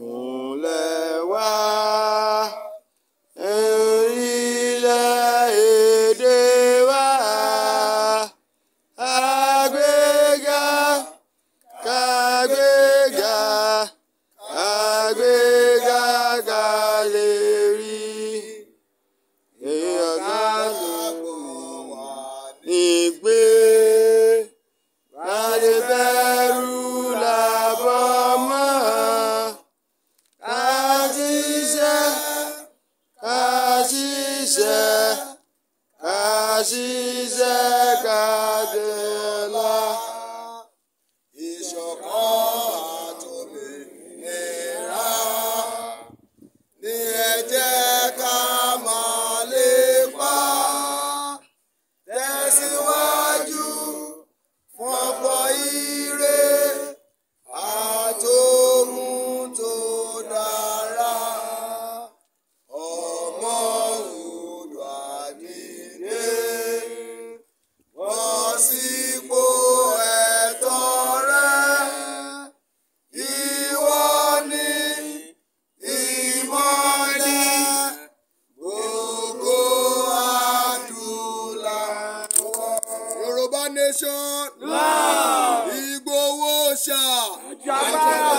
Fúnlẹ̀ wá erílẹ̀ èdè wa ṣiṣẹ́ ká ṣiṣẹ́ ká délá ìṣọ̀kan àtòmìnira ní ẹ jẹ́ ká máa lépa tẹ̀síwájú. Yorùbá nation. Igboho ṣá. Ìjàgbá.